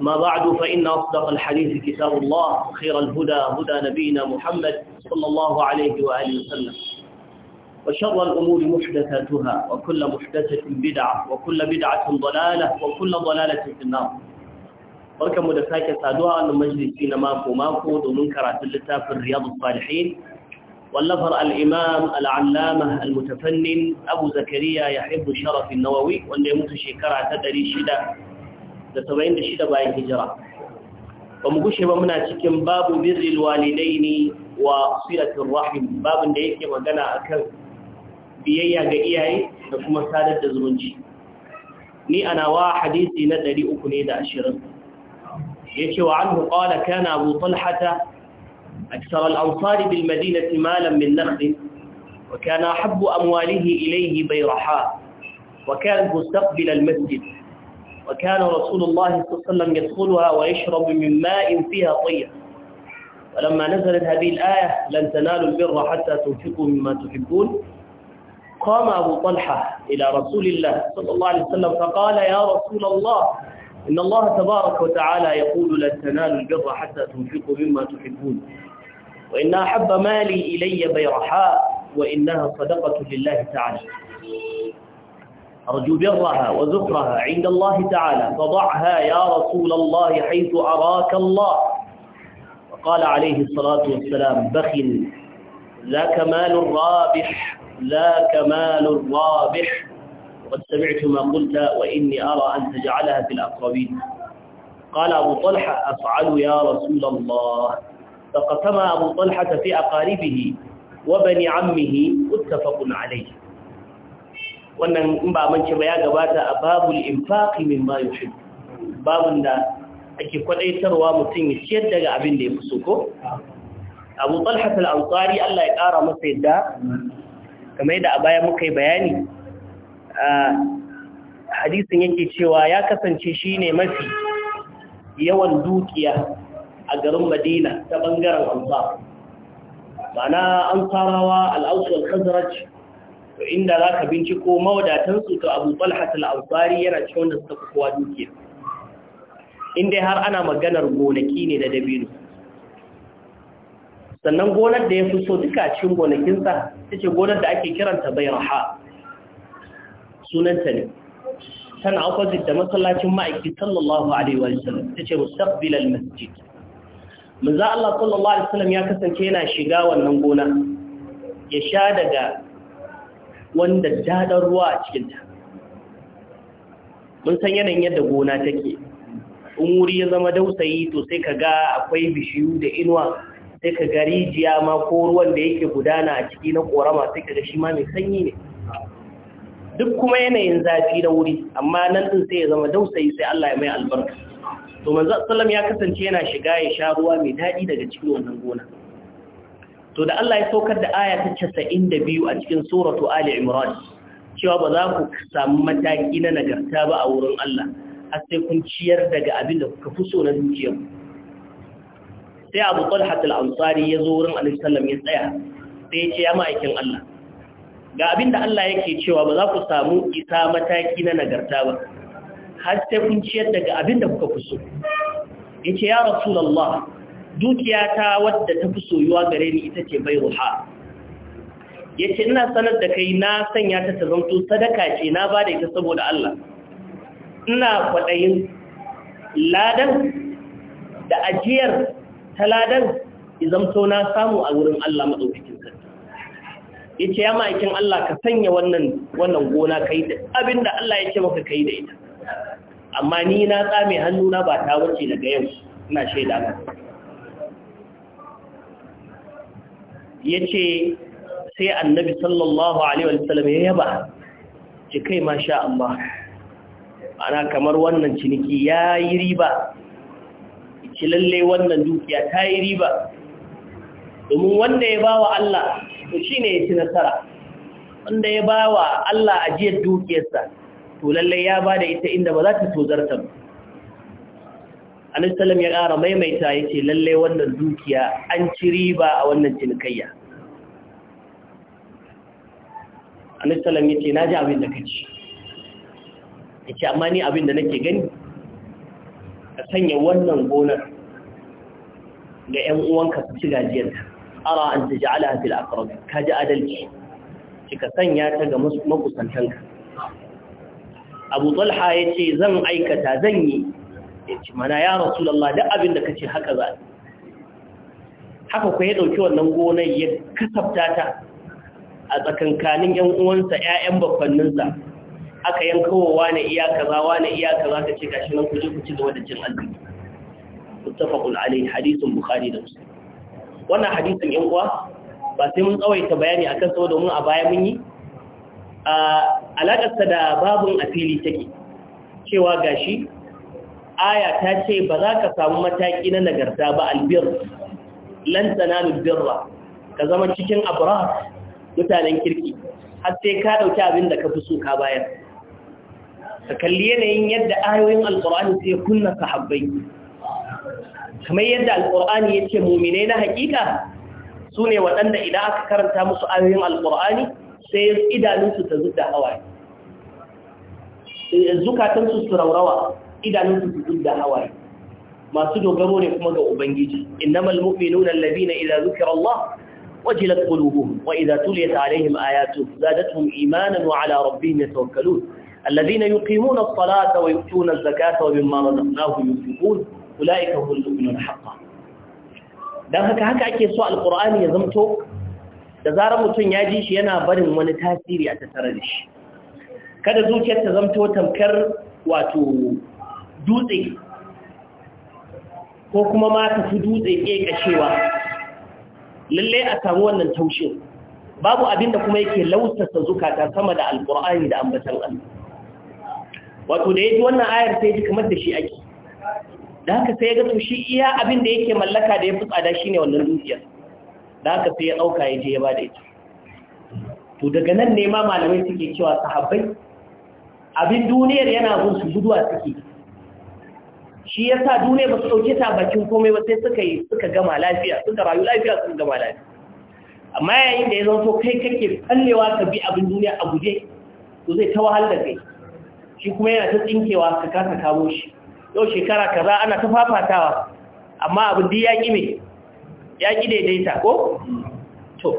أما بعد فإن أصدق الحديث كتاب الله خير الهدى هدى نبينا محمد صلى الله عليه وآله وسلم وشر الأمور محدثاتها وكل محدثة بدعة وكل بدعة ضلالة وكل ضلالة في النار بركة مدفاكة سادوها أن مجلسين ماكو ماكو دون كرات اللتاف الرياض الصالحين واللفر الإمام العلامة المتفنن أبو زكريا يحب شرف النووي وأن يموت متشكرة تدري شدة da saba'in da shida bayan hijira ba mu gushe ba muna cikin babu birril walidaini wa silatul rahim babin da yake magana akan biyayya ga iyaye da kuma sadar da zumunci ni ana wa hadisi na 320 yace wa anhu qala kana abu talhata أكثر الأنصار بالمدينة مالا من نخل وكان أحب أمواله إليه بيرحاء وكان مستقبل المسجد وكان رسول الله صلى الله عليه وسلم يدخلها ويشرب من ماء فيها طيب ولما نزلت هذه الآية لن تنالوا البر حتى تنفقوا مما تحبون قام أبو طلحة إلى رسول الله صلى الله عليه وسلم فقال يا رسول الله إن الله تبارك وتعالى يقول لن تنالوا البر حتى تنفقوا مما تحبون وإن أحب مالي إلي بيرحاء وإنها صدقة لله تعالى أرجو برها وذكرها عند الله تعالى فضعها يا رسول الله حيث أراك الله وقال عليه الصلاة والسلام بخل لا كمال الرابح لا كمال الرابح وقد سمعت ما قلت وإني أرى أن تجعلها في الأقربين قال أبو طلحة أفعل يا رسول الله فقسم أبو طلحة في أقاربه وبني عمه متفق عليه wannan in ba mance ba ya gabata a babul infaqi ma yuhib babun da ake kwadaitarwa mutum ya ciyar daga abin da ya fi so ko Abu Talha al-Ansari Allah ya kara masa yadda kamar da a baya muka yi bayani hadisin yake cewa ya kasance shine mafi yawan dukiya a garin Madina ta bangaren Ansar ma'ana Ansarawa al-Aws wal-Khazraj to inda za ka binciko mawadatansu to abu al al'ansari yana cikin wanda suka fi kowa dukiya inda har ana maganar gonaki ne da dabino sannan gonar da ya fi so duka cikin gonakinsa ta ce gonar da ake kiranta bai raha sunanta ne tana opposite da masallacin ma'aiki sallallahu alaihi wa sallam ta ce mustaqbil al-masjid manzo Allah sallallahu alaihi wasallam ya kasance yana shiga wannan gona ya sha daga wanda daɗin ruwa a cikinta mun san yanayin yadda gona take in wuri ya zama dausayi to sai ka ga akwai bishiyu da inuwa sai ka ga rijiya ma ko ruwan da yake gudana a ciki na korama sai ka ga shi ma mai sanyi ne duk kuma yanayin zafi na wuri amma nan din sai ya zama dausayi sai Allah ya mai albarka to manzo sallam ya kasance yana shiga ya sha ruwa mai daɗi daga cikin wannan gona to da Allah ya saukar da aya ta 92 a cikin suratu Ali Imran cewa ba za ku samu mataki na nagarta ba a wurin Allah har sai kun ciyar daga abin da kuka fi so na dukiyar sai Abu Talha al-Ansari ya zo wurin Annabi sallallahu alaihi wasallam ya tsaya sai ya ce ya ma'aikin Allah ga abin da Allah yake cewa ba za ku samu isa mataki na nagarta ba har sai kun ciyar daga abin da kuka fi so yace ya Rasulullah dukiyata wadda ta fi soyuwa gare ni ita ce bai ruha ya ce ina sanar da kai na sanya ta ta zanto sadaka ce na ba da ita saboda Allah ina kwaɗayin ladan da ajiyar ta ladan izamto na samu a wurin Allah maɗaukakin sarki ya ce ya ma'aikin Allah ka sanya wannan gona ka yi da Allah ya ce maka ka da ita amma ni na tsame hannuna ba ta wuce daga yau ina shaida ba. ya ce sai annabi sallallahu alaihi wasallam ya yaba ce kai masha Allah ana kamar wannan ciniki ya yi riba ci lalle wannan dukiya ta yi riba domin wanda ya ba wa Allah to shi ne ya ci nasara wanda ya ba wa Allah ajiyar dukiyarsa to lalle ya ba da ita inda ba za ta tozarta ba anisalam ya ƙara maimaita ya ce lallai wannan dukiya an ci riba a wannan cinikayya anisalam ya ce na ji abin da ka ci ya ce amma ni abin da nake gani ka sanya wannan gonar ga 'yan uwanka su ci gajiyarta ara an ta ja'ala fil aqrab ka ji adalci kika sanya ta ga makusantanka Abu Talha ya ce zan aikata zan yi yace mana ya rasulullah duk abin da kace haka za haka ku ya dauki wannan gonar ya kasafta ta a tsakankanin yan uwansa ƴaƴan bakwanninsa aka yankawa wani iya kaza wani iya kaza ka ce gashi nan kuje ku ci gaba da jin azumi muttafaqun alayhi hadithun bukhari da muslim wannan hadisin yan uwa ba sai mun tsawaita bayani akan sa domin a baya mun yi a alakarsa da babun afili take cewa gashi aya ta ce ba za ka samu mataki na nagarta ba albir lan tanalu birra ka zama cikin abrar mutanen kirki har sai ka dauki abin da ka fi so ka bayar ka kalli yanayin yadda ayoyin alqur'ani sai kunna sahabbai kamar yadda ya ce mu'mine na hakika sune waɗanda idan aka karanta musu ayoyin alqur'ani sai idanunsu ta zubda hawaye zukatansu su raurawa idanunsu su duk hawaye masu dogaro ne kuma ga ubangiji innamal mu'minuna alladhina idza zukira Allah wajilat qulubuhum wa idza tuliyat alaihim ayatu zadatuhum imanan wa ala rabbihim yatawakkalun alladhina yuqimuna as-salata wa yu'tuna az-zakata wa mimma razaqnahum yunfiqun ulaika humul mu'minun haqqan dan haka haka ake so alqur'ani ya zamto da zarar mutum ya ji shi yana barin wani tasiri a tattare da shi kada zuciyar ta zamto tamkar wato dutse ko kuma ma ta fi dutse kashewa. lallai a samu wannan taushe, babu abinda kuma yake lausasa zukata sama da alƙur'ani da ambatan Allah wato da ya ji wannan ayar sai ji kamar da shi ake da haka sai ya ga shi iya abin da yake mallaka da ya fi tsada shi ne wannan dukiyar da haka sai ya ɗauka ya je ya ba da ita to daga nan ne ma malamai suke cewa sahabbai abin duniyar yana gun su guduwa suke shi ya sa duniya ba su ɗauke ta bakin komai ba sai suka yi suka gama lafiya suka rayu lafiya suka gama lafiya amma yayin da ya zama so kai kake tsallewa ka bi abin duniya a guje to zai ta wahal da kai shi kuma yana ta tsinkewa ka kasa kawo shi yau shekara kaza ana ta fafatawa amma abin da ya ƙi me ya ƙi daidaita ko to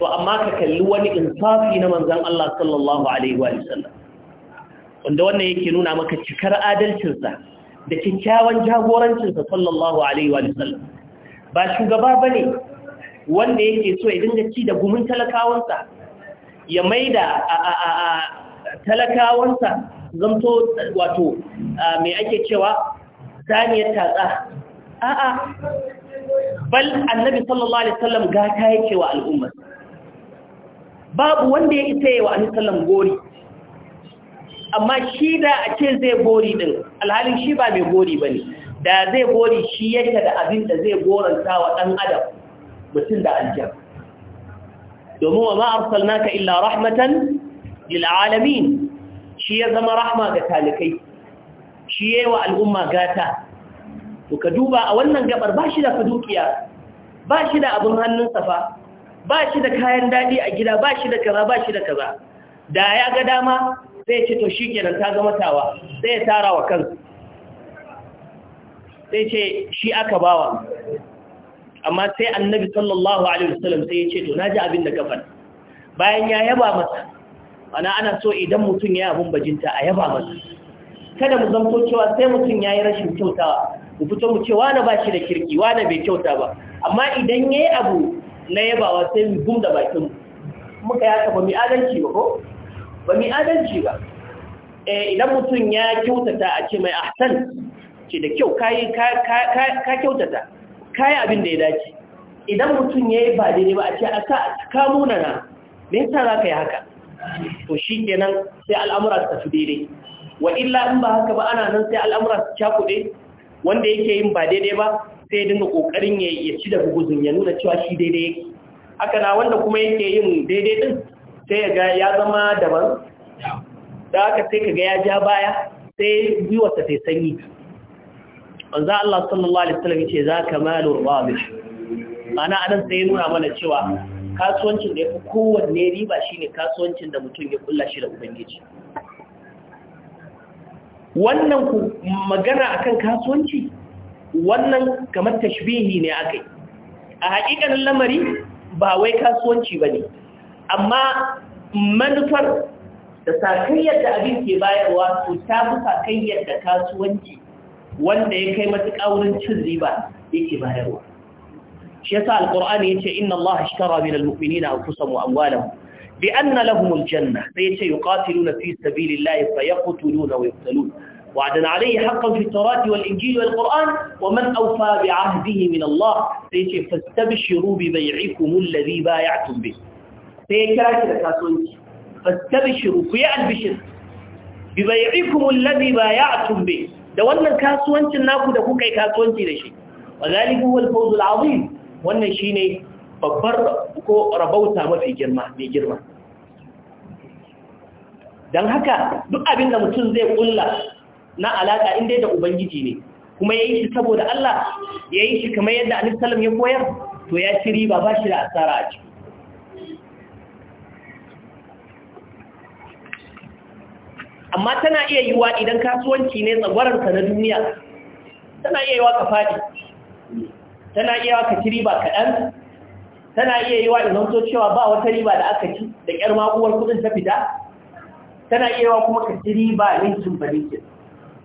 to amma ka kalli wani insafi na manzon Allah sallallahu alaihi wa sallam wanda wannan yake nuna maka cikar adalcinsa da kyakkyawan jagorancinsa sallallahu alaihi wa sallam ba shugaba bane wanda yake so ya dinga ci da gumin talakawansa ya maida a talakawansa zamto wato mai ake cewa saniyar tatsa a'a bal annabi sallallahu alaihi wasallam ta yake wa al'umma babu wanda ya isa yawa annabi sallallahu gori amma shi da a ce zai gori din alhalin shi ba mai gori ba ne da zai gori shi yake da abin da zai goranta wa ɗan adam mutum da aljan domin wa ma'arsal naka illa rahmatan lil'alamin shi ya zama rahma ga talikai shi ya wa al'umma gata to ka duba a wannan gabar ba shi da fadukiya ba shi da abin hannunsa fa ba shi da kayan daɗi a gida ba shi da kaza ba shi da kaza da ya ga dama sai ce to shi kenan ta zama tawa sai ya tara wa kansu sai ce shi aka bawa amma sai annabi sallallahu alaihi wasallam sai ya ce to naji abin da kafar bayan ya yaba masa ana ana so idan mutum ya abun bajinta a yaba masa kada mu zanto cewa sai mutum ya yi rashin kyautawa mu fito mu ce wani ba shi da kirki wani bai kyauta ba amma idan ya yi abu na yabawa sai mu gum da bakin muka ya taba mi adalci ba ko ba mai adalci ba eh, idan mutum ya kyautata a ce mai ahsan ce da kyau ka kyautata kayi abin da ya dace idan mutum ya yi ba daidai ba a ce a sa kamuna na me sa za ka yi haka to shi kenan sai al'amura su tafi daidai wa illa in ba haka ba ana nan sai al'amura su cakuɗe wanda yake yin ba daidai ba sai dinga ƙoƙarin ya ci da buguzun ya nuna cewa shi daidai yake haka na wanda kuma yake yin daidai din sai ga ya zama daban da aka sai ga ya ja baya sai gwiwarsa sai sanyi wanzan Allah sallallahu Alaihi wasallam ce za ka malur rabish ana adan sai nuna mana cewa kasuwancin da ya fi kowanne riba shine kasuwancin da mutum ya kulla shi da ubangiji wannan ku magana akan kasuwanci wannan kamar tashbihi ne akai a haƙiƙanin lamari ba wai kasuwanci ba ne amma manufar da sakayyar da abin ke bayarwa to ta fi sakayyar da kasuwanci wanda ya kai matuƙa wurin cin riba yake bayarwa shi yasa alqur'ani yace inna allaha ishtara min almu'minina anfusahum wa amwalahum bi anna lahum aljanna sai yace yuqatiluna fi sabilillahi fa yaqtuluna wa yuqtalun وعدنا عليه حقا في التوراة والإنجيل والقرآن ومن أوفى بعهده من الله فاستبشروا ببيعكم الذي بايعتم به sai ya kira shi da kasuwanci shiru. ku yi albishir bi bai'ikum allazi bay'atum bi da wannan kasuwancin naku da kuka yi kasuwanci da shi wa zalika fawz al-azim wannan shine babbar ko rabauta mafi girma mai girma dan haka duk abin da mutum zai kulla na alaka inda da ubangiji ne kuma yayi shi saboda Allah yayi shi kamar yadda Annabi sallallahu ya koyar to ya ci riba ba shi da asara a ciki amma tana iya yiwa idan kasuwanci ne tsagwararka na duniya tana iya yiwa ka faɗi tana iya yiwa ka ci riba kaɗan tana iya yiwa idan so cewa ba wata riba da aka ci da ƙyar makuwar kudin ta fita tana iya yiwa kuma ka ci riba ninkin balikin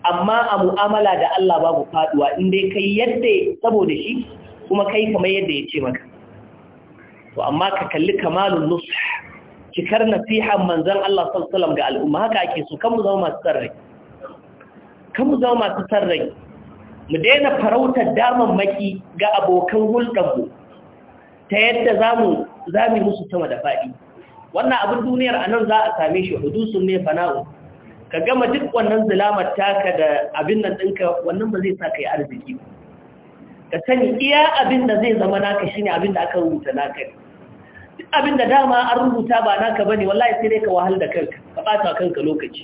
amma a mu'amala da Allah babu faɗuwa inda kai yadda saboda shi kuma kai kamar yadda ya ce maka to amma ka kalli kamalun nusha cikar nasihar manzan Allah sallallahu ga al'umma haka ake so kan mu zama masu sarrai kan mu zama masu sarrai mu daina farautar maki ga abokan hulɗarmu ta yadda zamu mu musu sama da faɗi wannan abin duniyar anan za a same shi hudusun ne fana'u ka gama duk wannan zulamar taka da abin nan ɗinka wannan ba zai sa ka yi arziki ka sani iya abin da zai zama naka shine abin da aka rubuta naka ne abin da dama an rubuta ba naka ba ne wallahi sai dai ka wahal da kanka ka bata kanka lokaci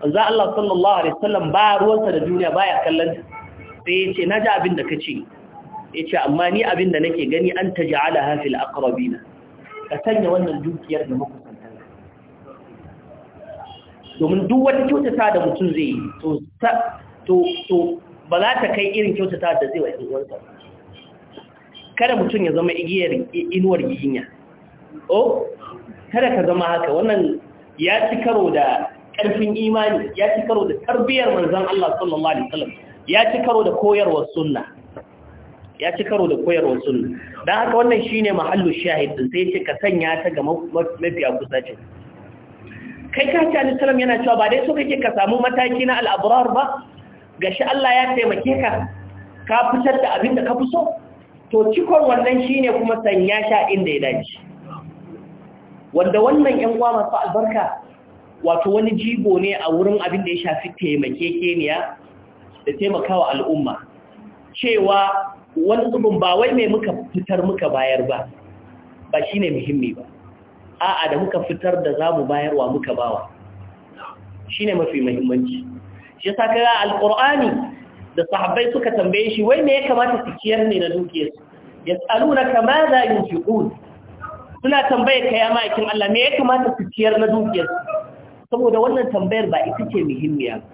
manzo Allah sallallahu alaihi wasallam ba ruwansa da duniya baya kallon sai yace ji abin da ka kace yace amma ni abin da nake gani an ala hafi fil aqrabina ka sanya wannan dukiyar da makusantan domin duk wata kyautata da mutum zai yi to ba za ta kai irin kyautata da zai wa ɗan uwansa kada mutum ya zama igiyar inuwar giginya o oh, kada ka zama haka wannan ya ci karo da ƙarfin imani ya ci karo da tarbiyyar manzon Allah sallallahu alaihi wasallam ya ci karo da koyarwar sunna ya ci karo da koyarwar sunna dan haka wannan shine mahallu shahid din sai ce ka sanya ta ga mafiya kusa ce kai ka ci alaihi wasallam yana cewa ba dai so kake ka samu mataki na al-abrar ba gashi Allah ya taimake ka ka fitar da abin da ka fi so to cikon wannan shine kuma sanya sha inda ya dace wanda wannan ‘yan uwa masu albarka wato wani jigo ne a wurin abin da ya shafi taimakekeniya da taimakawa al'umma cewa wani zubin ba wai mai muka fitar muka bayar ba ba shi ne muhimmi ba a'a da muka fitar da za mu bayarwa muka bawa shi ne mafi muhimmanci shi sa kaga alƙur'ani da sahabbai suka tambaye shi wai me ya kamata su ciyar ne na dukiyarsu yas'alunaka ma za yunfiqun suna tambayar ka ya ma'aikin Allah me ya kamata su ciyar na dukiyar saboda wannan tambayar ba ita ce muhimmiya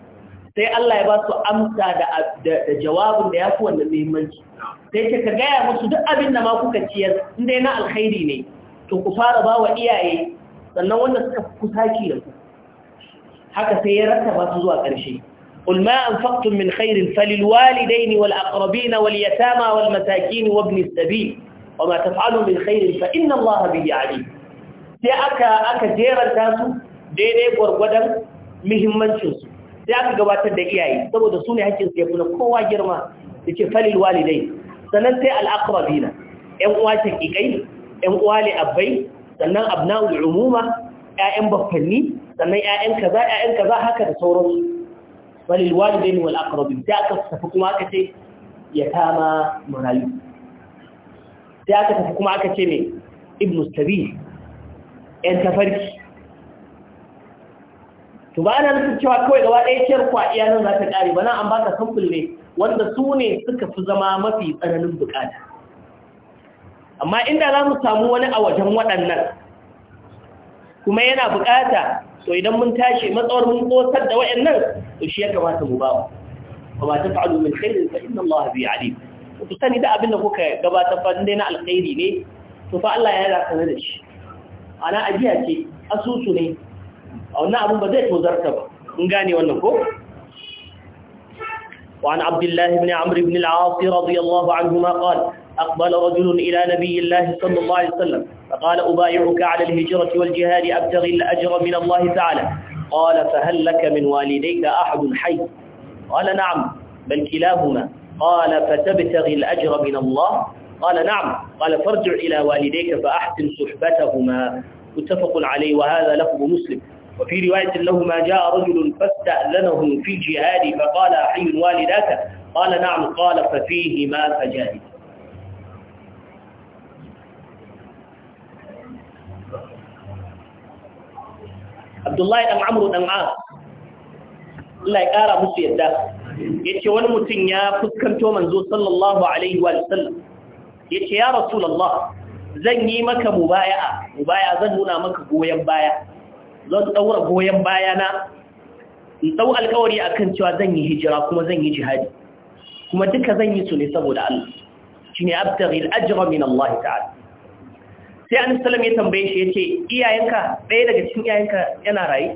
sai Allah ya ba su amsa da jawabin da ya fi wannan muhimmanci sai ce ka gaya musu duk abin da ma kuka ciyar inda na alkhairi ne to ku fara ba wa iyaye sannan wanda suka kusa ki da ku haka sai ya rattaba su zuwa ƙarshe قل ما أنفقتم من خير فللوالدين والأقربين واليتامى والمساكين وابن السبيل wa ma taf'alu min khairin inna Allah sai aka aka jeranta su daidai gwargwadon muhimmancin su sai aka gabatar da iyaye saboda su ne hakkin su kowa girma yace falil walidai sannan sai al-aqrabina ƴan uwa shakikai ƴan uwa li abbai sannan abna'ul umuma ƴaƴan baffanni sannan ƴaƴan kaza ƴaƴan kaza haka da sauransu balil walidain wal aqrabin sai aka tafi kuma aka ce yatama marayu sai aka tafi kuma aka ce ne ibn mustabi yan tafarki to ba na nufin cewa kawai gaba ɗaya ciyar kwa iya nan za ta ƙare ba nan an baka samfil ne wanda su ne suka fi zama mafi tsananin bukata amma inda za mu samu wani a wajen waɗannan kuma yana bukata to idan mun tashi matsawar mun kosar da waɗannan to shi ya kamata mu ba wa ba ta fa'alu min khairin fa inna Allah bi alim ku da abin da kuka gabatar fa dai na alkhairi ne to fa Allah ya yarda sanar da shi ana ajiya ce asusu ne a wannan abin ba zai tozarta ba kun gane wannan ko وعن عبد الله بن عمرو بن العاص رضي الله عنهما قال أقبل رجل إلى نبي الله صلى الله عليه وسلم فقال أبايعك على الهجرة والجهاد أبتغي الأجر من الله تعالى قال فهل لك من والديك أحد حي قال نعم بل كلاهما قال فتبتغي الأجر من الله قال نعم قال فارجع إلى والديك فأحسن صحبتهما متفق عليه وهذا لفظ مسلم وفي رواية لهما جاء رجل فاستأذنه في الجهاد فقال حي والداك قال نعم قال ففيهما فجاهد عبد الله أم عمرو بن Allah الله ƙara musu yadda, Ya ce wani mutum ya fuskanto manzo sallallahu alaihi wa sallam Ya ce ya rasulullah zan yi maka mubaya'a mubaya'a zan nuna maka goyen baya zan daura goyen baya na in dau alƙawari akan cewa zan yi hijira kuma zan yi jihadi kuma duka zan yi su ne saboda Allah shine abtaghi al-ajra min Allah ta'ala sai an sallallahu ya tambaye shi yace iyayenka ɗaya daga cikin iyayenka yana raye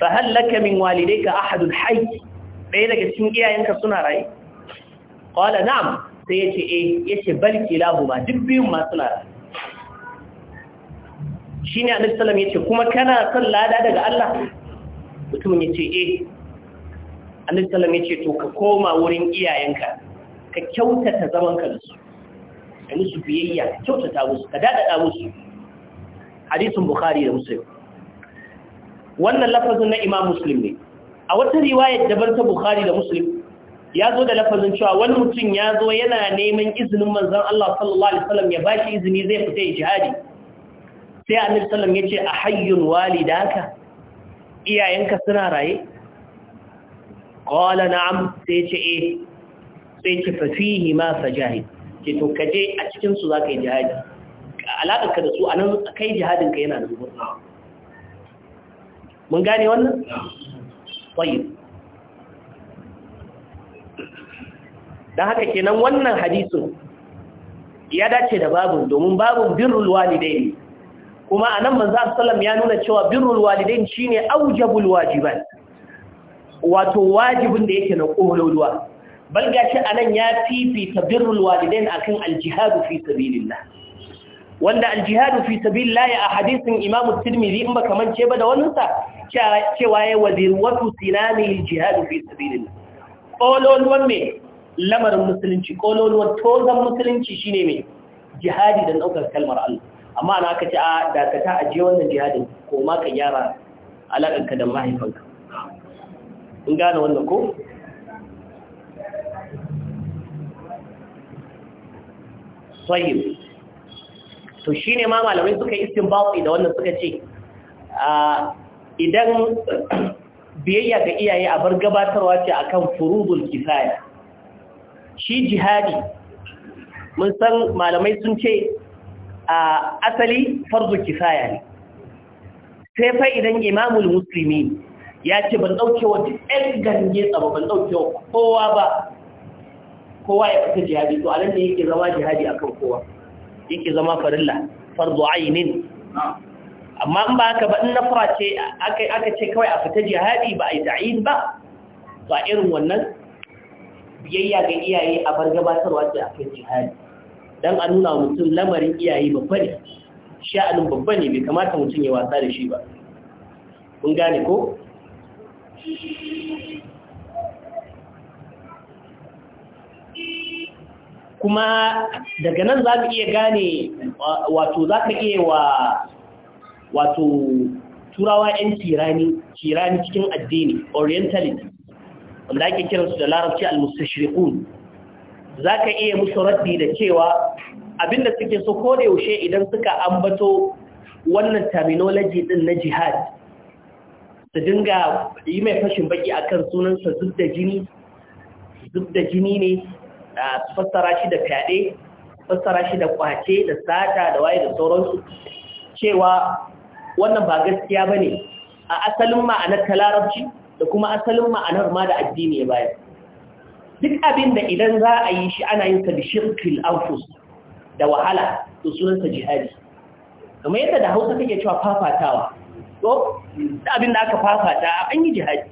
fa hal laka min walidayka ahadun hayy ɗaya daga cikin iyayenka suna raye qala na'am sai yace ce eh, yace bal kilahuma duk biyun ma suna raye ne annabi salam ya yace kuma kana son lada daga Allah mutumin ce e annabi salam ya yace to ka koma wurin iyayenka ka kyautata zaman da su ka musu biyayya ka kyautata musu ka dadada musu hadisun bukhari da muslim wannan lafazin na imam muslim ne a wata riwayar daban ta bukhari da muslim ya zo da lafazin cewa wani mutum ya zo yana neman izinin manzan Allah sallallahu alaihi wasallam ya bashi izini zai fita ya jihadi sai annabi sallam ya ce a hayyun walidaka iyayenka suna raye na na'am sai ce e sai ce fa fihi ma fajahid ce to kaje a cikinsu za ka yi jihadi alaƙarka ka da su anan kai jihadin ka yana da zuwa mun gane wannan tsayin haka kenan wannan hadisin ya dace da babu domin babin birrul walidain kuma anan manzo sallam ya nuna cewa birrul walidain shine aujabul wajiban. wato wajibin da yake na kololuwa bal gashi anan ya fifita birrul walidain akan aljihad fi sabilillah wanda aljihadu fi sabilillahi a hadisin imamu tirmidhi in ba baka ce ba da wannan sa cewa ya wazir watu sinani aljihadu fi sabilillah kololuwan me lamarin musulunci kololuwan tozan musulunci shine me jihadi dan daukar kalmar Allah amma ana aka ce a dakata a je wannan jihadin ko ma ka gyara alaƙarka da mahaifanka in gane wannan ko tsayin to ne ma malamai suka yi istinbati da wannan suka ce idan biyayya ga iyaye a bar gabatarwa ce a kan furudul kifaya shi jihadi mun san malamai sun ce a asali farzu kifaya ne sai fa idan imamul musulmi ya ce ban dauke wa 'yan ɗan gange tsaba ban dauke kowa ba kowa ya fita jihadi to nan ne yake zama jihadi akan kowa yake zama farilla farzu ainin amma in ba haka ba in nafara ce aka ce kawai a fita jihadi ba a yi ta'in ba ba irin wannan biyayya ga iyaye a bar gabatarwa ce a kan jihadi don a nuna mutum lamarin iyaye babba ne sha'anin babba ne bai kamata mutum ya wasa da shi ba kun gane ko kuma daga nan za ka iya gane wato za ka iya wa wato turawa 'yan tirani cikin addini orientality wanda ake kiransu da larabci al-mustashriqun za ka iya musu raddi da cewa abinda suke so ko da yaushe idan suka ambato wannan terminology din na jihad su dinga yi mai fashin baki akan sunansa zub da jini zub da jini ne su fassara shi da fyaɗe fassara shi da kwace da sata da waye da sauransu cewa wannan ba gaskiya ba ne a asalin ma'anar ta da kuma asalin ma'anar ma da addini ya bayar duk abin da idan za a yi shi ana yin sa da anfus da wahala to sunansa jihadi kamar yadda da hausa take cewa fafatawa to duk abin da aka fafata an yi jihadi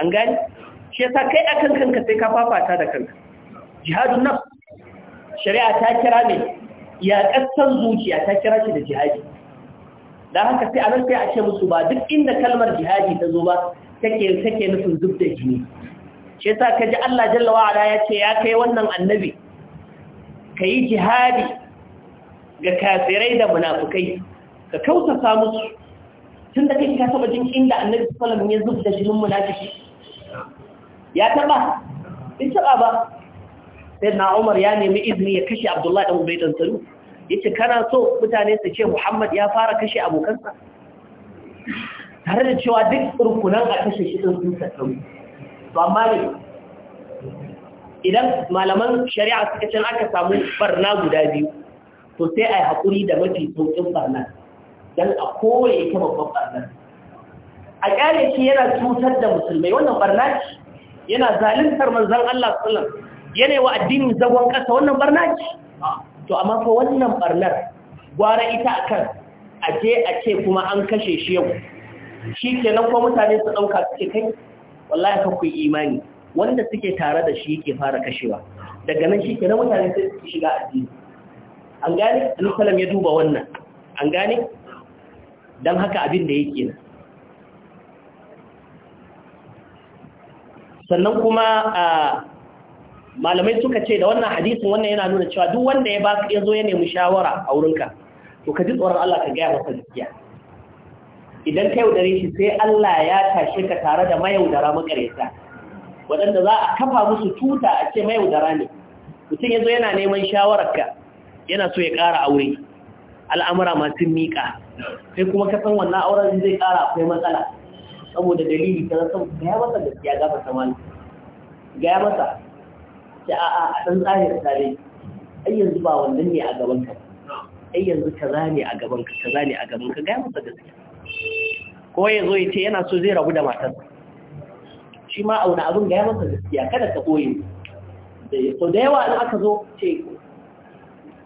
an gani shi yasa kai akan kanka sai ka fafata da kanka jihadun nan, shari'a ta kira ne yaƙar zuciya ta kira shi da jihadi da haka sai a nan sai a ce musu ba duk inda kalmar jihadi ta zo ba take take nufin zub da jini shi yasa kaji Allah jalla wa ala ya ce ya kai wannan annabi kai jihadi ga kafirai da munafukai ka kautasa musu tunda kai ka saba jin inda annabi sallallahu alaihi wasallam ya zub da jinin munafiki ya taba in taba ba sai na umar ya nemi izini ya kashe abdullahi ɗan ubai ɗansalu ya ce kana so mutane su ce muhammad ya fara kashe abokansa tare da cewa duk rukunan a kashe shi ɗin sun sassan to amma ne idan malaman shari'a suka can aka samu barna guda biyu to sai a yi haƙuri da mafi sauƙin barna don a kowa ita babban barna a ƙyale shi yana cutar da musulmai wannan barna yana zalintar manzan Allah sallam yana wa addinin zagon ƙasa wannan barna ce to amma fa wannan barnar gwara ita akan a je a ce kuma an kashe shi yau shi ke nan mutane su ɗauka suke kai wallahi ka kuyi imani wanda suke tare da shi ke fara kashewa daga nan shi ke nan mutane sai su shiga addini an gane alisalam ya duba wannan an gane don haka abin da yake nan sannan kuma a ah, malamai suka ce da wannan hadisin wannan yana nuna cewa duk wanda ya baka ya zo ya nemi shawara a wurinka to ka ji tsoron Allah ka gaya masa gaskiya idan ka yaudare shi sai Allah ya tashe ka tare da mayaudara makareta waɗanda za a kafa musu tuta a ce mayaudara ne mutum ya zo yana neman shawararka yana so ya ƙara aure al'amura masu miƙa sai kuma ka san wannan auren zai ƙara akwai matsala saboda dalili ta ga ya masa gaskiya gafa samani gaya masa ce, a a ɗan tsarin tare ai yanzu ba wannan ne a gaban ka ai yanzu kaza ne a gaban ka kaza ne a gaban ka gaya masa gaskiya ko ya zo ya ce yana so zai rabu da matar shi ma auna abin gaya masa gaskiya kada ka koyi to da yawa an aka zo ce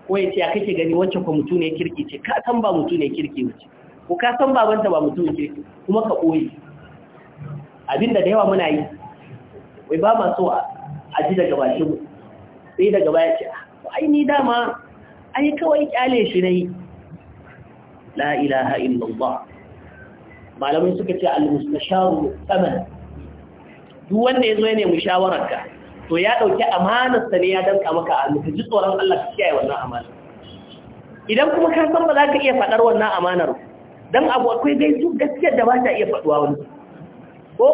ko ya ce ya kake gani wancan ko mutu ne kirki ce ka san ba mutu ne kirki wuce ko ka san babanta ba mutum kirki, kuma ka koyi abinda da yawa muna yi wai ba ma so a ji daga bakin mu sai daga baya ce ai ni dama ai kawai kyale shi ne la ilaha illallah malamai suka ce al-mustasharu saman duk wanda ya ne mu shawararka to ya dauki amanar sa ne ya danka maka a mutu ji tsoron Allah ka kiyaye wannan amanar idan kuma ka san ba za ka iya faɗar wannan amanar dan abu akwai gaskiya da ba ta iya faɗuwa wani ko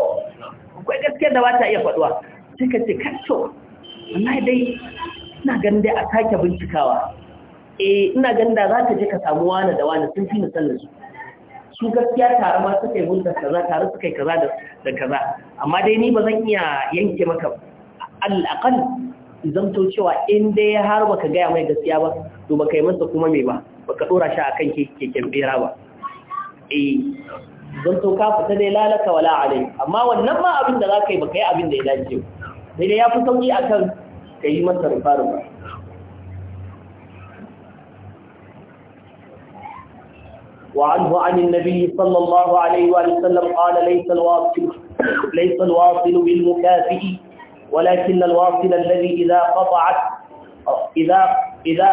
akwai gaskiyar da ba ta iya faɗuwa sai ka ce kaso amma dai ina ganin dai a sake bincikawa eh ina ganin da za ka je ka samu wani da wani sun fi misalin su su gaskiya tare ma suka yi hulɗar kaza tare suka yi kaza da kaza amma dai ni ba zan iya yanke maka al'aƙal to cewa in dai har baka gaya mai gaskiya ba to baka yi masa kuma mai ba baka ɗora shi akan keken bera ba eh to ka fita dai lalaka wala alai amma wannan ma abin da za ka yi baka yi abin da ya dace ba sai dai ya fi sauƙi a kan ka yi masa rufa-rufa وعنه عن النبي صلى الله عليه وسلم قال ليس الواصل ليس الواصل بالمكافئ ولكن الواصل الذي إذا قطعت إذا إذا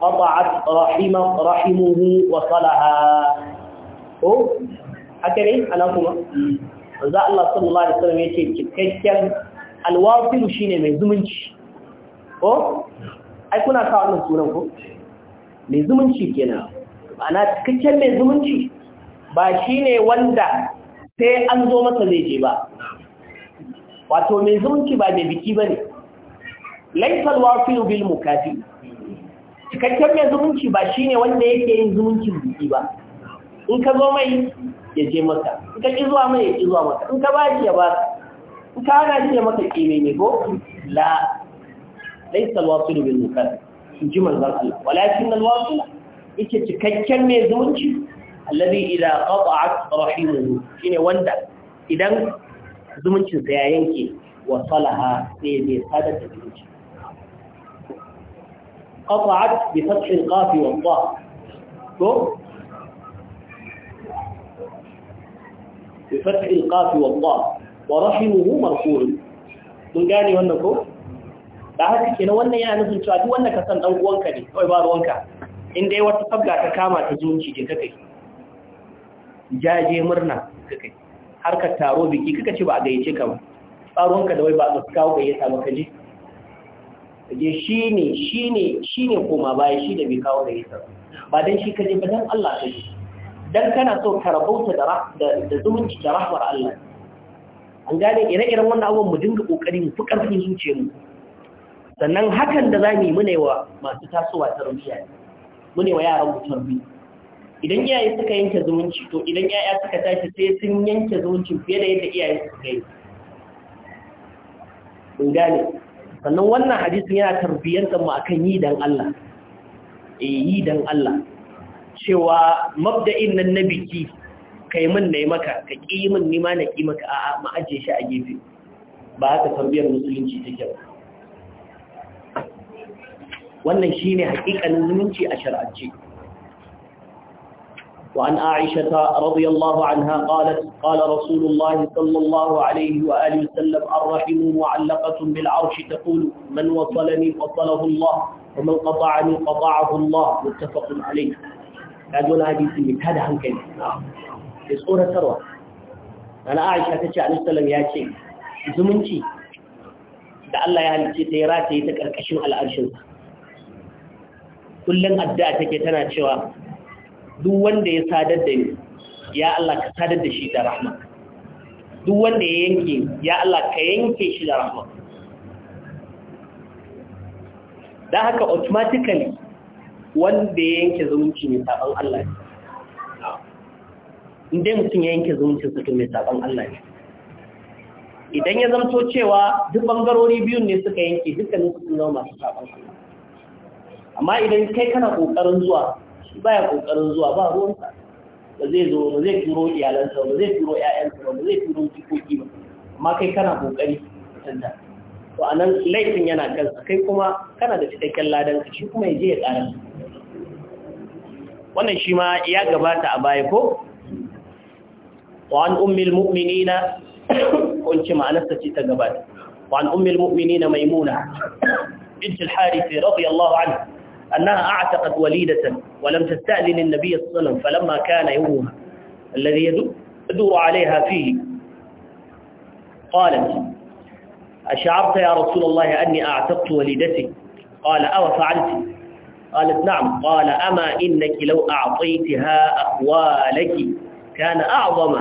قطعت رحمه رحمه وصلها أو هكذا أنا كما manzo Allah sallallahu alaihi wasallam yace cikakken alwasil shine mai zumunci ko ai kuna sa wannan sunan ko mai zumunci kenan ma'ana cikakken mai zumunci ba shine wanda sai an zo masa zai je ba wato mai zumunci ba mai biki bane laysal wasil bil mukafi cikakken mai zumunci ba shine wanda yake yin zumuncin biki ba in ka zo mai ya je maka in ka ƙi zuwa mai ya ƙi zuwa maka in ka ba ya ba in ka hana shi ya maka ƙime ne ko la laisa alwasulu bil mukar in ji manzon Allah walakin alwasula yake cikakken mai zumunci alladhi idza qata'at rahimuhu shine wanda idan zumuncin sa ya yanke wa salaha sai ya sadar da zumunci ƙafi wa القاف Ko. بفتح القاف والضاد ورحمه مرفوع mun gane wannan ko da haka kenan wannan yana nufin cewa duk wanda ka san dan ka ne kawai ba ruwanka in dai wata sabga ta kama ta zuci ke kai jaje murna kai harkar taro biki kaka ce ba a gayyace ka ba tsaronka da wai ba a kawo gayyata ba kaje je shine shine shine koma baya shi da bai kawo gayyata ba dan shi kaje ba dan Allah kaje dan kana so ka rabauta da da zumunci da rahmar Allah an gane ire-iren wannan abubuwan mu dinga kokari mu fi karfin zuciyarmu sannan hakan da zamu yi mu ne wa masu tasowa tarbiyya mu ne wa yaran mu tarbiyya idan iyaye suka yanke zumunci to idan iyaye suka tashi sai sun yanke zumunci fiye da yadda iyaye suka yi in gane sannan wannan hadisin yana tarbiyyantar mu akan yi dan Allah eh yi dan Allah cewa mabda'in nan na biki kai min ne maka ka ƙi ni ma na ƙi maka a aje shi a gefe ba haka tambayar musulunci take ba wannan shine haƙiƙanin zumunci a shar'ance وعن عائشة رضي الله عنها قالت قال رسول الله صلى الله عليه sallam arrahim الرحم bil arsh taqul man wasalani wasalahu allah ومن قطعني قطعه الله متفق عليه Kaji wani hadisi mai tada hankali da tsoratarwa ana aisha ta ce alisalam ya ce zumunci da Allah ya halice ta yi rataye ta ƙarƙashin al'arshinsa kullum addu'a take tana cewa duk wanda ya sadar da ni ya Allah ka sadar da shi da rahama. duk wanda ya yanke ya Allah ka yanke shi da rahama. don haka automatically wanda ya yanke zumunci mai saɓon Allah ne inda mutum ya yanke zumuncin su mai saɓon Allah ne idan ya zamto cewa duk bangarori biyun ne suka yanke dukkanin su sun zama masu saɓon Allah amma idan kai kana ƙoƙarin zuwa baya ƙoƙarin zuwa ba ruwansa ba zai zo ba zai turo iyalansa ba zai turo 'ya'yansa ba zai turo jikoki ba amma kai kana kokari tunda to anan laifin yana kansa kai kuma kana da cikakken ladan ka shi kuma ya je ya ƙara wannan shi ma ya gabata a baya ko wa an ummil mu'minina kunci ma'anarsa ce ta gabata wa an ummil mu'minina maimuna bint al-harith radiyallahu anha أنها أعتقت وليدة ولم تستأذن النبي صلى الله عليه وسلم فلما كان يومها الذي يدور عليها فيه قالت أشعرت يا رسول الله أني أعتقت وليدتي قال أو فعلت قالت نعم قال أما إنك لو أعطيتها أخوالك كان أعظم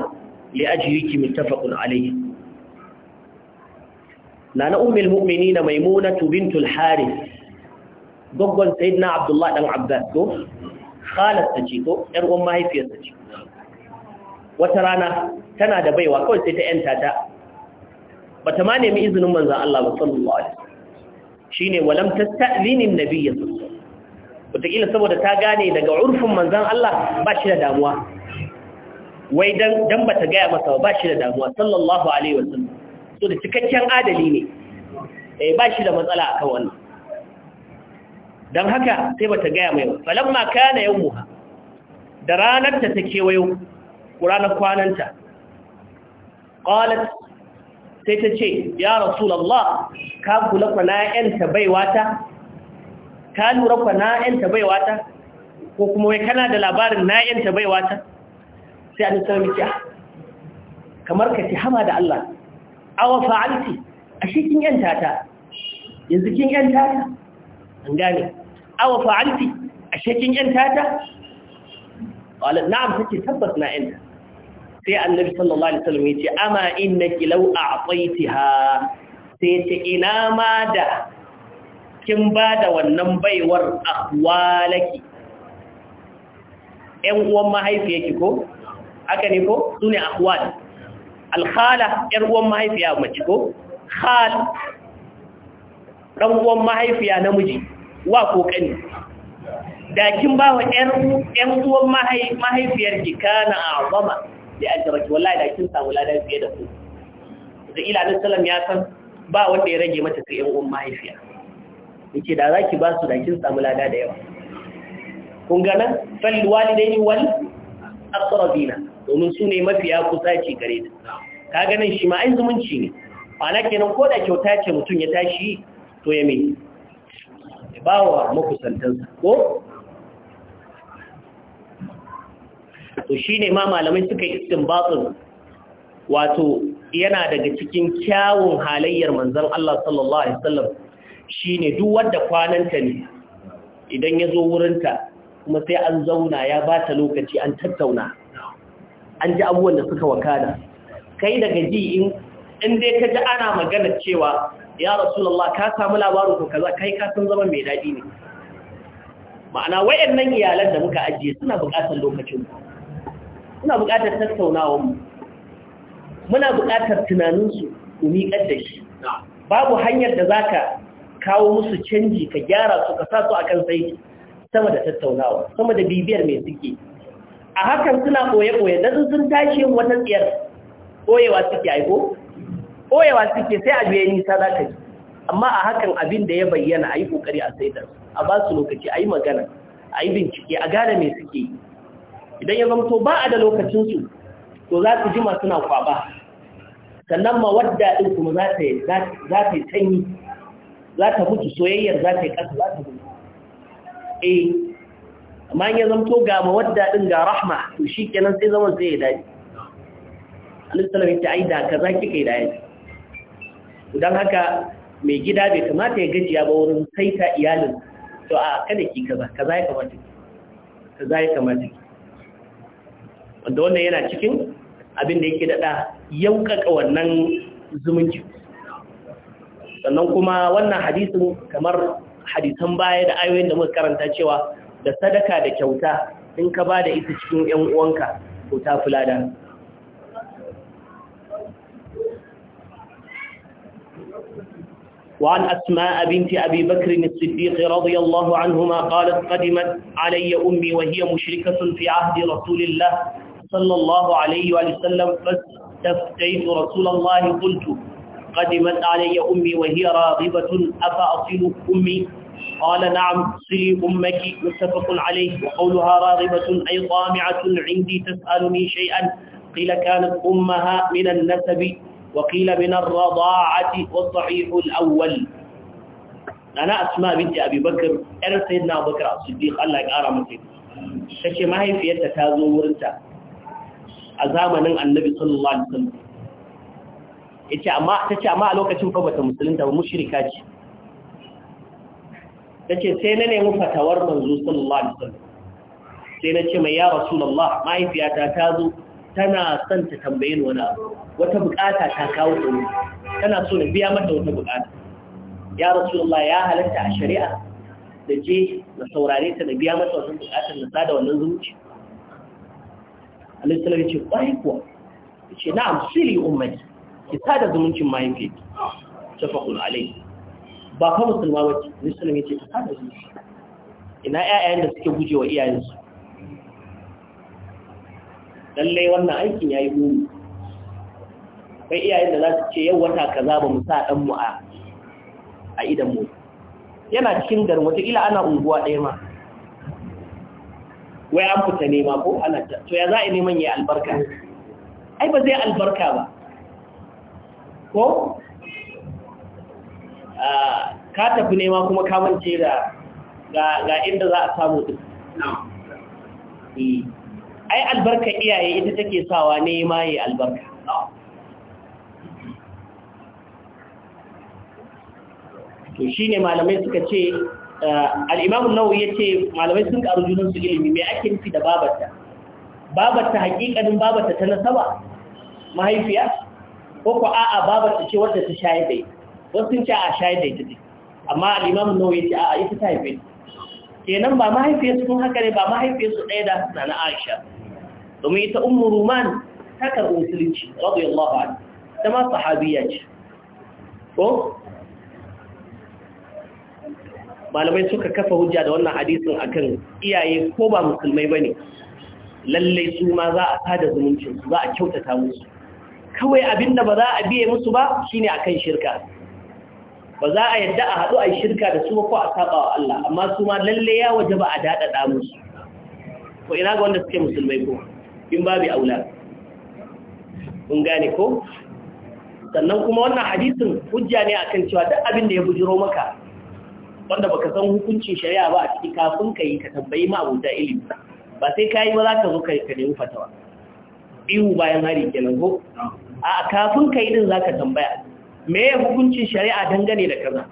لأجلك متفق عليه نانا أم المؤمنين ميمونة بنت الحارث قبل سيدنا عبد الله بن عباس خالت تجيكو ‘yar uwan mahaifiyarsa ce. Wata rana tana da baiwa kawai sai ta ‘yanta ta, ba ta ma izinin manzan Allah ba sallallahu Alaihi shi ne walam ta wataƙila saboda ta gane daga urfin manzan Allah ba shi da damuwa wai don ba ta gaya masa ba shi da damuwa sallallahu alaihi wasallam so da cikakken adali ne eh ba shi da matsala akan wannan Don haka sai ba ta gaya mai ba na yau muha da ranar ta take wayo ranar kwananta qalat sai ta ce ya rasulullah ka kula kwana yanta baiwata ka lura kwa ta baiwa ta ko kuma wai kana da labarin ta baiwa ta sai an tsara miki ah, kamar ka ci hama da Allah awa fa'alti ashe kin yanta ta yanzu kin yanta ta an gane awa fa'alti ashe kin yanta ta qala na'am take tabbas na yanta sai annabi sallallahu alaihi wasallam yace ama innaki law a'taytaha sai ta ina ma da kin ba da wannan baiwar akwalaki ‘yan uwan mahaifiya ki ko? aka ne ko? su ne akwal alkhala ‘yan uwan mahaifiya mace ko? khal ɗan uwan mahaifiya namiji wa ko ƙani da kin ba wa ‘yan uwan ki kana a zama da an wallahi da kin samu ladan fiye da ku da ila alisalam ya san ba wanda ya rage mata sai ‘yan uwan mahaifiya yace da zaki ba su da kin samu lada da yawa kun ga nan fal walidaini wal aqrabina domin su ne mafiya kusa ce gare ta kaga nan shi ma ai zumunci ne ana kenan ko da kyauta ce mutum ya tashi to ya me ya bawa makusantansa ko to shine ma malamai suka yi istinbatsin wato yana daga cikin kyawun halayyar manzon Allah sallallahu alaihi wasallam ne duk wanda kwananta ne idan ya zo wurinta kuma sai an zauna ya ba ta lokaci an tattauna an ji abuwan da suka wakana kai daga ji in dai ka ji ana magana cewa ya rasulallah ka samu labarin ko kaza kai ka san zama mai daɗi ne ma'ana wayannan iyalan da muka ajiye suna buƙatar lokacin suna buƙatar tattaunawa mu muna buƙatar tunaninsu ku ƙaddashi da shi babu hanyar da zaka kawo musu canji ka gyara su ka sa su akan sai sama da tattaunawa sama da bibiyar mai suke a hakan suna koye-koye da sun tashi wata tsiyar koyewa suke aiko koyewa suke sai a biya nisa za ka ji amma a hakan abin da ya bayyana a yi kokari a sai a ba su lokaci a yi magana a yi bincike a gane mai suke idan ya zamto ba a da lokacinsu to za su jima suna kwaba sannan wadda ɗin kuma za ta yi sanyi za ta mutu soyayyar za ta yi ƙasa za ta gudu. eh amma ya to ga mawadda din ga rahma to shi kenan sai zama sai ya daji alisalam salam ya ce ai da kaza kika yi dadi don haka mai gida bai kamata ya gajiya ba wurin saita iyalin to a kada ki kaza kaza ya kamata ki kaza ya kamata ki wanda wannan yana cikin abin da yake daɗa kaka wannan zumunci sannan kuma wannan hadisin kamar hadisan baya da ayoyin da muka karanta cewa da sadaka da kyauta in ka ba da ita cikin ‘yan uwanka ko ta fulada. وعن أسماء بنت أبي بكر الصديق رضي الله عنهما قالت قدمت علي أمي وهي مشركة في عهد رسول الله صلى الله عليه وسلم فاستفتيت رسول الله قلت قدمت علي أمي وهي راغبة أفأصل أمي قال نعم صلي أمك متفق عليه وقولها راغبة أي طامعة عندي تسألني شيئا قيل كانت أمها من النسب وقيل من الرضاعة والصحيح الأول أنا أسماء بنت أبي بكر أنا سيدنا أبو بكر الصديق الله يقارى مسيح تشي ما هي في تتازو مرتا أزامنا النبي صلى الله عليه وسلم yace amma tace amma a lokacin fa bata musulunta ba mushrika ce tace sai na nemi fatawar manzo sallallahu alaihi wasallam sai na ce mai ya rasulullah mahaifiyata ta zo tana son ta tambaye ni wani abu wata bukata ta kawo tsoro tana so na biya mata wata bukata ya rasulullah ya halatta a shari'a da je na saurare ta na biya mata wata bukata na sada wannan zumunci alaihi salam ya ce kwai kuwa ya ce na'am sili ummati ki sada zumuncin mahaifi tafakun alai ba fa musulma ba ce musulmi ce ta sada zumunci ina ƴaƴayen da suke guje wa iyayensu lallai wannan aikin ya yi buru. akwai iyayen da za su ce yau wata kaza ba mu sa ɗanmu a a idan mu yana cikin garin wataƙila ana unguwa ɗaya ma wai an fita nema ko ana to ya za a neman ya albarka ai ba zai albarka ba ko ah, ka tafi nema kuma kamance da ga inda za a samu duk eh, ai albarka iyaye ita take sawa nema yi albarka to shine malamai suka ce eh, al'imamun nawo ya ce malamai sun ƙaru junansu ilimi mai ake nufi da babata babata hakikanin babata ta nasaba mahaifiya ko ko a'a babar ta ce wadda ta shayar da ita wasu sun ce a shayar da ita ce, amma al'imam nawa ya ce a'a ita ta haife kenan ba su, kun haka ne ba su ɗaya da su na aisha domin ita ummu ruman ta karɓi musulunci radiyallahu anha ta ma sahabiya ce ko malamai suka kafa hujja da wannan hadisin akan iyaye ko ba musulmai ba ne. Lallai su ma za a sada zumuncin za a kyautata musu kawai abinda ba za a biye musu ba shine akan shirka ba za a yadda a haɗu a shirka da su ba ko a saba wa Allah amma su ma lalle ya waje ba a daɗaɗa musu ko ina ga wanda suke musulmai ko in babu aula kun gane ko sannan kuma wannan hadisin hujja ne akan cewa duk abin da ya bujiro maka wanda baka san hukuncin shari'a ba a ciki kafin ka yi ka tambayi ma abota ilimi ba sai ka yi ba za ka zo ka nemi fatawa Ihu bayan hari kenan ko a kafin kai din zaka tambaya me ya hukuncin shari'a dangane da kaza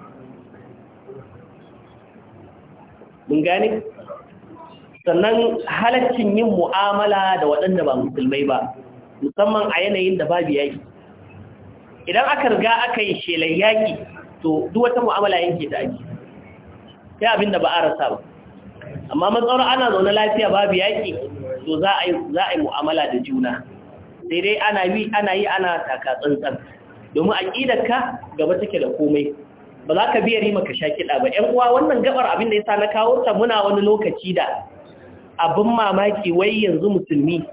mun gane sannan halaccin yin mu'amala da waɗanda ba musulmai ba musamman a yanayin da babu yaki idan aka riga aka yi shelayyaki yaki to duk wata mu'amala yanke da aji. sai abinda ba a rasa ba amma matsawar ana zaune lafiya babu yaƙi to za a yi mu'amala da juna sai dai ana yi ana yi ana taka tsantsan domin aƙidar ka gaba take da komai ba za ka biya rima ka sha kiɗa ba ƴan uwa wannan gabar abin da yasa na kawo ta muna wani lokaci da abin mamaki wai yanzu musulmi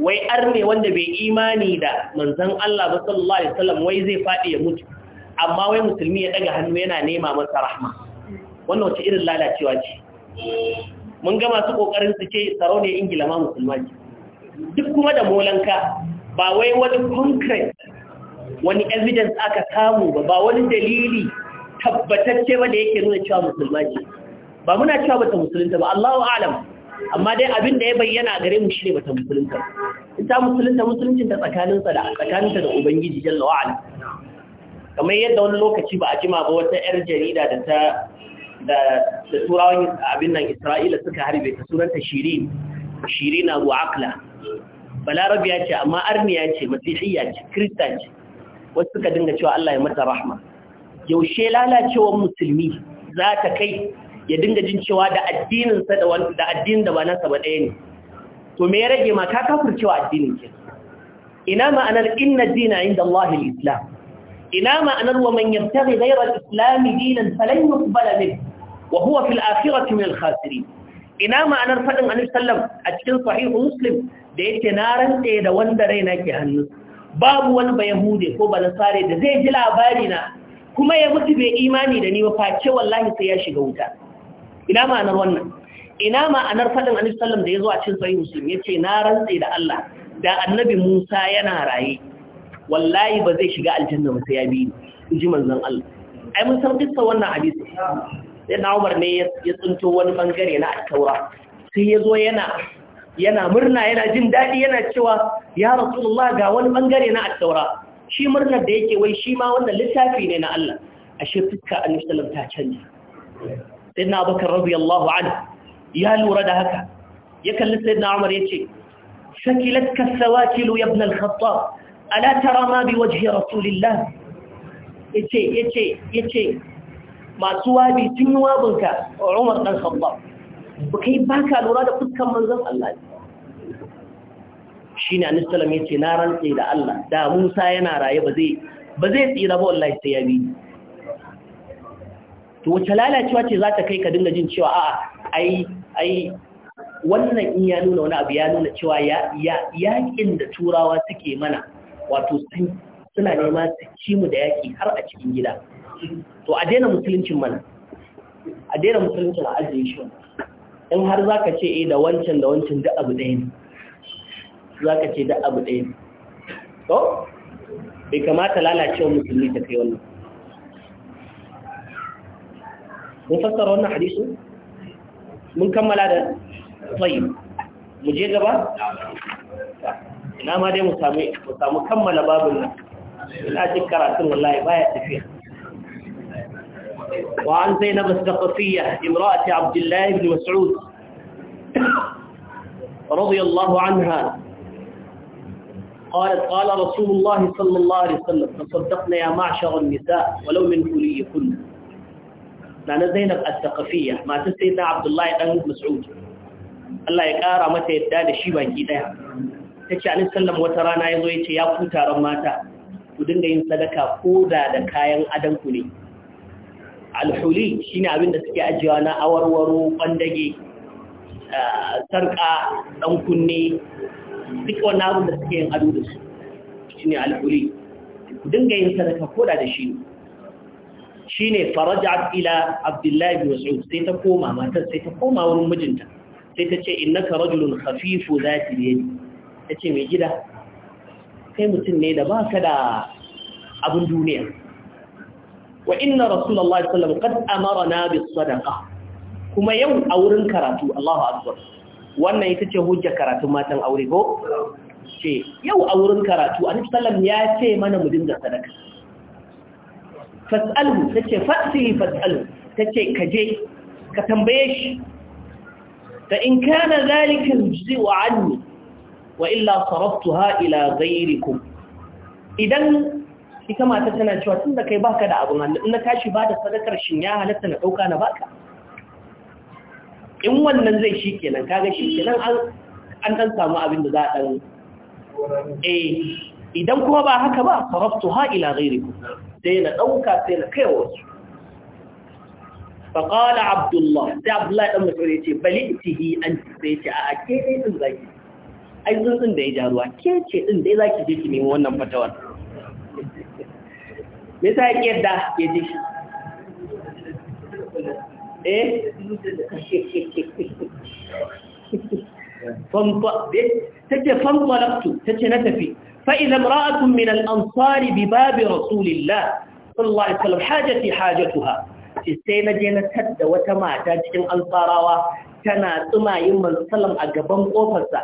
wai arne wanda bai imani da manzon Allah ba sallallahu alaihi wasallam wai zai fadi ya mutu amma wai musulmi ya daga hannu yana nema masa rahma wannan wace irin lalacewa ce mun ga masu kokarin su ce tsaro ne ingila ma musulma ce duk kuma da molanka ba wai wani concrete wani evidence aka samu ba ba wani dalili tabbatacce ba da yake nuna cewa musulma ce ba muna cewa bata musulunta ba Allahu a'lam amma dai abin da ya bayyana gare mu shine bata musulunta ita musulunta musuluncin ta tsakanin sa da tsakaninta da ubangiji jalla wa'ala kamar yadda wani lokaci ba a jima ba wata yar jarida da ta da turawan abin nan isra'ila suka harbe ta sunanta shirin shirin abu akla balarabi ya ce amma arniya ce masihiyya ce krista ce wasu suka dinga cewa allah ya mata rahma yaushe lalacewar musulmi za ta kai ya dinga jin cewa da addininsa da addinin da ba nasa ba ɗaya ne to me ya rage ma ka kafurcewa addinin ke ina ma'anar inna dina inda al Islam ina ma'anar wa man yabtaghi ghayra al-islam dinan falan yuqbala minhu wa huwa fil akhirati min al khasirin ina ma'anar fadin annabi sallam a cikin sahihu muslim da yake na rantse da wanda raina ke hannu babu wani bayahude ko balasare da zai ji labari na kuma ya mutu bai imani da ni ba face wallahi sai ya shiga wuta ina ma'anar wannan ina ma'anar fadin annabi sallam da yazo a cikin sahihu muslim yace na rantse da Allah da annabi Musa yana raye wallahi ba zai shiga aljanna ba sai ya bi inji manzon Allah ai mun san kissa wannan hadisi sai na umar ne ya tsinto wani bangare na alkaura sai ya zo yana murna yana jin daɗi yana cewa ya rasulullah ga wani bangare na alkaura shi murnar da yake wai shi ma wannan littafi ne na Allah ashe fuska annabi sallallahu ta canja sai na abakar radiyallahu anhu ya lura da haka ya kalli sai na umar yace shakilatka sawakilu ya ibn al ala tara ma bi wajhi rasulillah yace yace masu wabi tun yi wabinka a Umar ɗan Khattab ba ba ka lura da fuskan manzan Allah shi ne sallallahu alaihi wasallam yace na rantse da Allah da Musa yana raye ba zai tsira ba wallahi sai ya bi to wace lalacewa ce za ta kai ka dinga jin cewa a'a ai ai wannan in ya nuna wani abu ya nuna cewa yaƙin da turawa suke mana wato suna nema su ci mu da yaƙi har a cikin gida to a daina musuluncin mana a daina musuluncin ajiye shi in har za ka ce eh da wancan da wancan da abu ɗaya ne za ka ce da abu ɗaya ne to bai kamata lalacewa musulmi ta kai wannan mun fassara wannan hadisu mun kammala da tsayi mu je gaba ina ma dai mu samu kammala babin nan ina cikin karatun wallahi baya وعن زينب الثقفية امرأة عبد الله بن مسعود رضي الله عنها قالت قال رسول الله صلى الله عليه وسلم تصدقنا يا معشر النساء ولو من كل لأن زينب الثقفية ما تسيدنا عبد الله بن مسعود الله ya متى يبدال yadda da تشعر عليه ɗaya. وترانا يضويت يا Sallam رماتا rana ya فوضا دكايا ce, ya alhuli shine abin da suke ajiyewa na awarwaro ɓandage, sarƙa, ɗan kunne duk wannan abin da suke yin ado da su shine alhuli dinga yin sadaka koda da shi ne. Shi ne farajat abdila abdullahi bin wasu sai ta koma matar sai ta koma wurin mijinta sai ta ce ka rajulun khafifu zati Ta ce mai gida kai mutum ne da ba ka da abin duniya wa inna Rasulallah Sallam alaihi wasallam qad amarna bis sadaqa kuma yau a wurin karatu Allahu akbar wannan ita ce hujja karatu matan aure ko ce yau a wurin karatu annabi sallallahu ya ce mana mu dinga sadaka fas'alhu tace fasi fas'alhu tace kaje ka tambaye shi fa in kana zalika yujzi'u anni wa illa saraftuha ila ghayrikum idan ita mata tana cewa tun da kai baka da abin hannu na tashi ba da sadakar shin ya halatta na ɗauka na baka in wannan zai shi kenan kaga shi kenan an ɗan samu abin da za a dan eh idan kuma ba haka ba faraftu ha ila gairi sai na ɗauka sai na kaiwa. wasu faƙala abdullah sai abdullah ɗan mutum ya ce bali tihi an sai ce a ake ɗin zaki ai tsuntsun da ya jaruwa ke ce ɗin da ya zaki je ki nemi wannan fatawar بيتاي كي داس كي دي فإذا امرأة من الأنصار بباب رسول الله صلى الله عليه وسلم حاجة حاجتها السينة جينا تد وتما تجي الأنصار وكنا تما يوم السلام أقبان قوفزا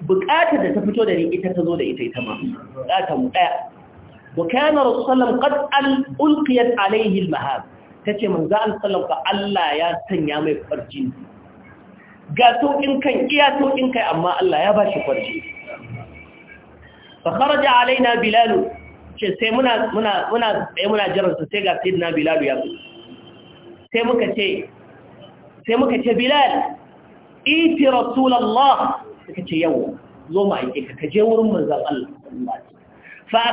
بكاتة تفتو دني إتا تزود إتا تما بكاتة wa kana rasulullah qad ulqiyat alayhi almahab tace manzo Allah sallallahu Allah ya sanya mai farji ga tokin kan iya tokin kai amma Allah ya bashi farji fa kharaja alaina bilal ce sai muna muna muna sai muna jiran sai ga sayyidina bilal ya fito sai muka ce sai muka ce bilal iti rasulullah suka ce yau zo kaje wurin Allah fa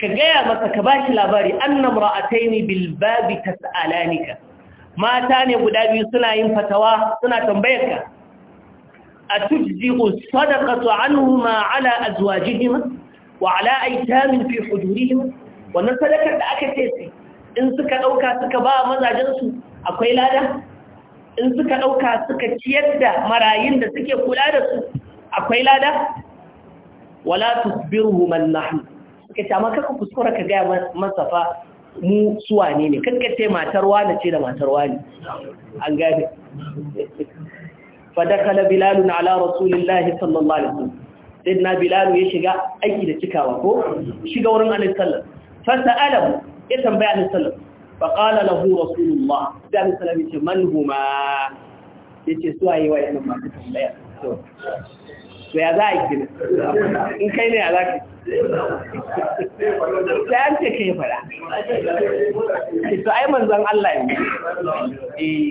ka gaya masa ka bashi labari annam ra'ataini bil babi tas'alanika mata ne guda biyu suna yin fatawa suna tambayarka atujzi'u sadaqatu anhuma ala azwajihima wa ala aitamin fi hudurihima wannan sadakar da aka ce in suka dauka suka ba mazajensu akwai lada in suka dauka suka ciyar da marayun da suke kula da su akwai lada wala tusbiruhum an-nahm suka ce amma kaka kuskura ka gaya masa fa mu suwa ne ne kace matar wani ce da matar wani an gane fadakala bilal ala rasulillahi sallallahu alaihi wasallam sayyidina bilal ya shiga aiki da cikawa ko shiga wurin annabi sallallahu alaihi wasallam ya tambaya annabi sallallahu fa qala lahu rasulullah da annabi sallallahu alaihi wasallam man huma yace suwaye wayannan masu tambaya to to ya za a yi in kai ne a zaka sai an ce kai fada to ai manzon Allah ne eh,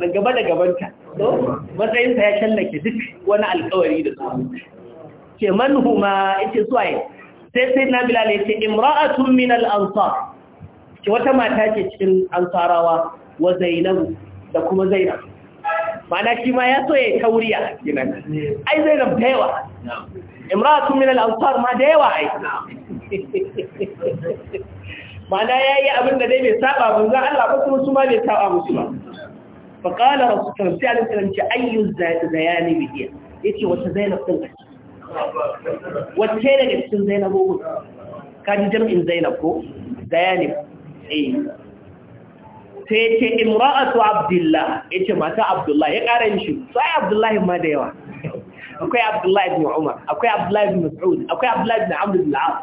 da gaba da gabanta matsayinsa ya shallake duk wani alkawari da su ce ma ita suwaye sai sai na bilal ya ce imra'atun min al-ansar ce wata mata ce cikin ansarawa wa zainabu da kuma zainab ma'ana shi ma ya so ya kauriya ai zainab taiwa yawa imratu min al-ansar ma da yawa ai ma'ana yayi abinda dai bai saba manzon Allah ba kuma su ma bai saba musu ba fa qala rasulullahi sallallahu alaihi wasallam ce ayyu zayani bihi yace wata zainab din wacce daga cikin zainabu ka ji jami'in zainab ko zayanib eh sai ce imra'atu abdullah yace mata abdullah ya ƙara yin shi sai abdullahi ma da yawa akwai Abdullahi ibn Umar akwai Abdullahi ibn Mas'ud akwai Abdullahi ibn Amr ibn al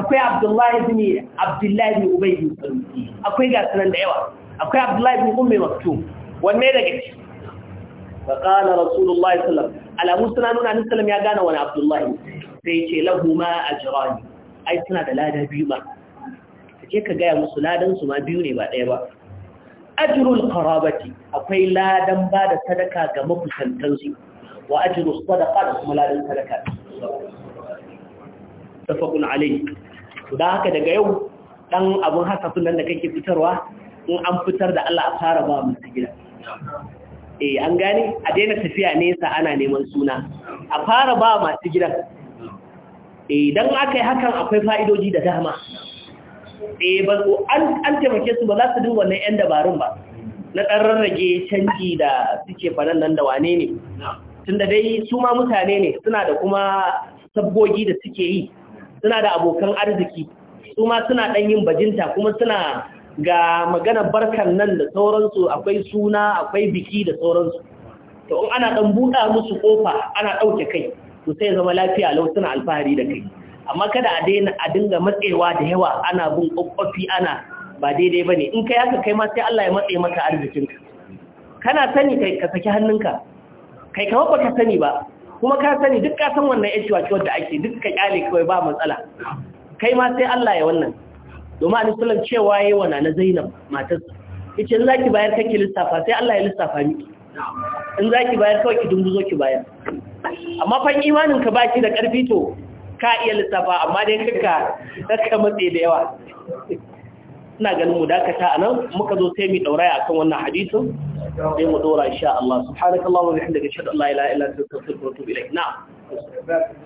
akwai Abdullahi ibn Abdullahi ibn Ubay bin Salul akwai ga sanan da yawa akwai Abdullahi ibn Ummi Maktum wanne daga ciki fa qala Rasulullahi sallallahu alaihi wasallam ala sunan annabi ya gane wani Abdullahi sai ce lahu ma ajrani ai suna da lada biyu ba kaje ka ga musu ladan su ma biyu ne ba daya ba ajrul qarabati akwai ladan ba da sadaka ga mafusantansu wa ajru sadaqa da kuma ladan sadaka tafakun alai da haka daga yau dan abun sun nan da kake fitarwa in an fitar da Allah a fara ba mu gida eh an gane a daina tafiya nesa ana neman suna a fara ba masu gidan idan aka yi hakan akwai fa'idoji da dama an taimake su ba za su dinga wannan 'yan dabarun ba na ɗan rarrage canji da suke fadan nan da wane ne tunda dai su ma mutane ne suna da kuma sabgogi da suke yi suna da abokan arziki su ma suna ɗan yin bajinta kuma suna ga magana barkan nan da sauransu akwai suna akwai biki da sauransu to in ana ɗan buɗa musu ƙofa ana ɗauke kai to sai zama lafiya lau suna alfahari da kai amma kada a daina a dinga matsewa da yawa ana bin ƙofofi ana ba daidai ba ne in kai haka kai ma sai Allah ya matse maka arzikinka kana sani kai ka saki hannunka kai kamar baka sani ba kuma ka sani duk ka san wannan yanci wace da ake duk ka kyale kawai ba matsala kai ma sai Allah ya wannan domin annabi sallallahu alaihi cewa yayi wana na Zainab matarsa yace in zaki bayar kake lissafa sai Allah ya lissafa miki in zaki bayar kawai ki dunguzo ki bayar amma fa imanin ka baki da karfi to ka iya lissafa amma dai kaka kaka matse da yawa ina ganin mu dakata anan muka zo sai mu dauraya akan wannan hadisin sai mu dora insha Allah subhanakallahumma wa bihamdika ashhadu an la ilaha illa anta astaghfiruka wa atubu ilaik na'am